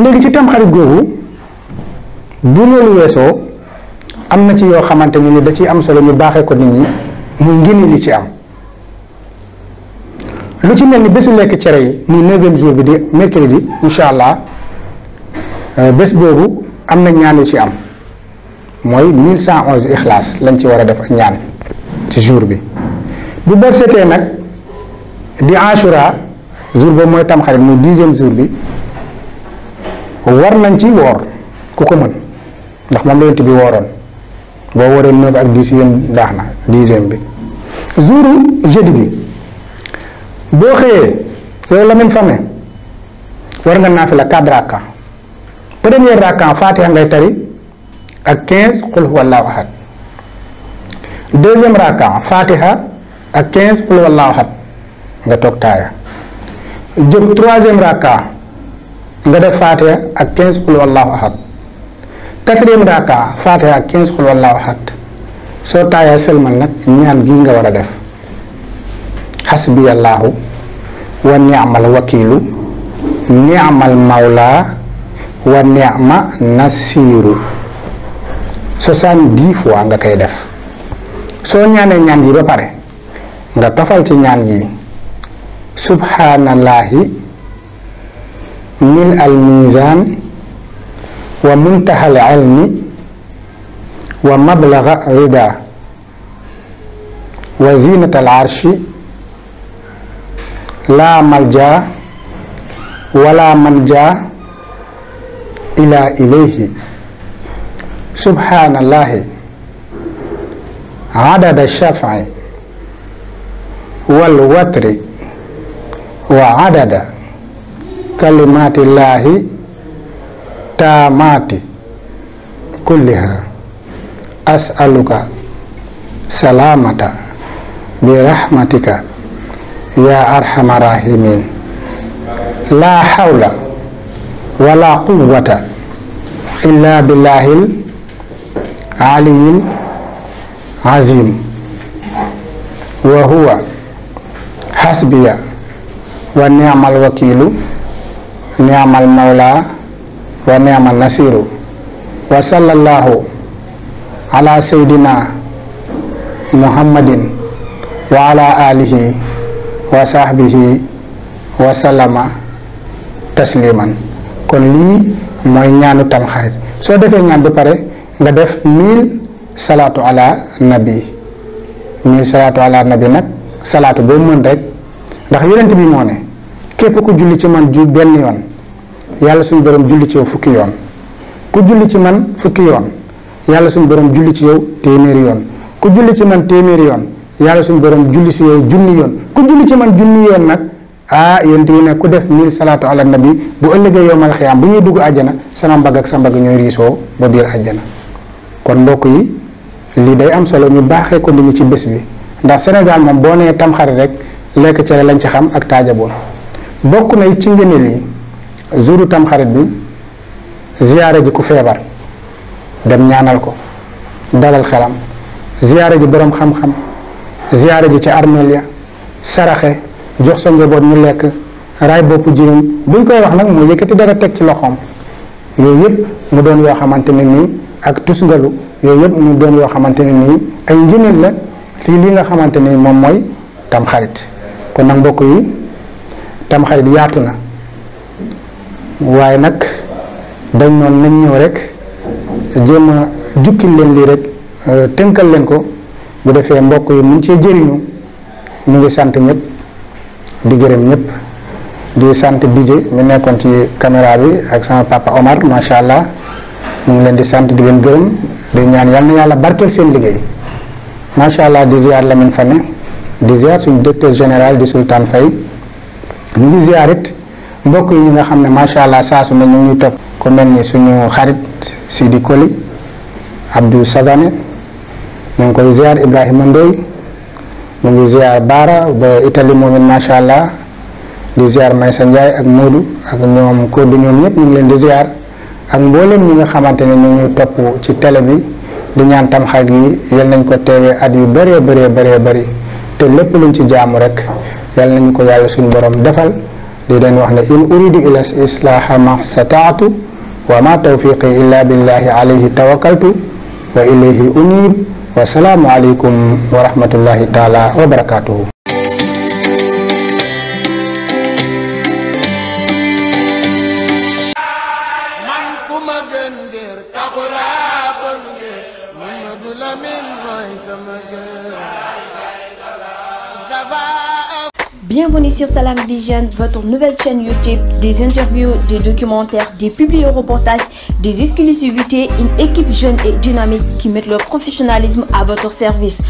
léegi ci tamxarit googu bu loolu weesoo am na ci yoo xamante ne ni da ciy am solo ñu baaxee ko nit ñi muy ngénne li ci am lu ci mel ni bésu lekk cere yi muy neuvième jour bi di mercredi incha allah euh, bés boobu am na ñaan yu ci am mooy mille cent onze ixlaas lañ ci war a def ak ñaan ci jour bi bu bët setee nag di ashura jour boobu mooy tamxarit muy dixième jour bi war nañ ci woor ku ko mën ndax moom la yonent wooroon boo waree neuf ak dixième daax na dixième bi jouru jeudi bi boo xëyee yow la min fame war nga naafila quatre rakka premier rakka fatiha ngay tari ak quinze qul huwallahu ahad deuxième rakka fatiha ak quinze qul huwallahu ahad nga toog taaya jóg troisième rakka nga def faatiha ak 15 xul wallahu ahad quatrième raka faatiha ak 15 xul wallahu ahad soo taayaa sëlmal nag ñaan gi nga war a def xasbiyallaahu wa niamal wakiilu niamal mawla wa niama nasiiru soixante-dix fois nga koy def soo ñaanee ñaan gi ba pare nga tofal ci ñaan gi subhaanallaahi ملء الميزان ومنتهى العلم ومبلغ رضا وزينة العرش لا ملجا ولا منجا إلى إليه سبحان الله عدد الشفع والوتر وعدد kalimaatillaahi taamaati kulliha asaluka salaamata bi rahmatika yaa arhama rahimin laa hawla wala quwwata illa billahil aliyil azim wa huwa hasbiya wa ni'mal wakiilu niamal mawla wa niamal nasiru wa sallallahu ala saydina muhammadin wa ala alihi wa sahbihi wa sallama tasliman kon lii mooy ñaanu tamxarit soo defee ñaan bi pare nga def mille salaatu ala nabi mille salaatu ala nabi nag salaatu boo mën rek ndax yonent bi moo képp ku julli ci man ju benn yoon yàlla suñu borom julli ci yow fukki yoon ku julli ci man fukki yoon yàlla suñu borom julli ci yow téeméeri yoon ku julli ci man téeméeri yoon yàlla suñu borom julli si yow junni yoon ku julli ci man junni yoon nag ah yéen yi ne ku def mille salaatu ala nabi bu ëllëgee yowmal xiyaam bu ñuy dugg àjjana sama mbagg ak sa mbagg ñooy riisoo ba biir àjjana kon mbokk yi lii day am solo ñu baaxee ko ni ñi ci bés bi ndax senegal moom boo nee tamxarit rek lekk cere lañ ci xam ak taajaboon bokk na ci ngëneel jouru tamxarit bi ziyaare ji ku feebar dem ñaanal ko dalal xelam ziyaare ji borom xam-xam ziyaare ji ci armeel ya saraxe jox sa njaboot mu lekk raay boppu jigéen buñ koy wax nag moo yëkkati dara teg ci loxoom yooyu yëpp mu doon yoo xamante ne nii ak tusngalu yooyu yëpp mu doon yoo xamante ne nii ay njëneel la lii nga xamante ni moom mooy tamxarit kon nag mbokk yi tamxarit yaatu na waaye nag dañ noon nañ ñëw rek jéem a jukkil leen lii rek euh, tënkal leen ko bu defee mbokk yi mun cee jëriñu ñu ngi sant ñëpp di gërëm ñëpp di sant DJ mi nekkoon ci caméra bi ak sama papa Omar macha allah ñu ngi leen di sant di leen gërëm di ñaan yal na yàlla barkeel seen liggéey macha allah di ziar Lamine Fane di ziar suñu directeur général di Sultan Faye ñu ngi ziar it mbokk yi nga xam ne macha allah saa su ne ñu ngi topp ku mel ni suñu xarit si di Koli Abdou Sagane ñu ngi koy ziar Ibrahima Ndoy mu ngi ziar Baara ba Italie moom it macha allah di ziar Maysa Ndiaye ak Modou ak ñoom Kodou ñoom ñëpp ñu ngi leen di ziar ak mboolem ñi nga xamante ne ñu ngi topp ci tele bi di ñaan xarit yi yal nañ ko teewee at yu bëree bëree bëree bëri te lépp luñ ci jaamu rek yal nañu ko yàlla suñu borom defal. di leen wax ne in uridu ila islaaha ma stataatu wa ma tawfiqi illa billahi alayhi tawakkaltu wa ilayhi unib wa salaamu aleykum wa rahmatullahi taala wa barakatuhu Bye-bye. Bienvenue sur salaam Vision, votre nouvelle chaîne YouTube, des interviews, des documentaires, des publi-reportages, des exclusivités, une équipe jeune et dynamique qui met leur professionnalisme à votre service.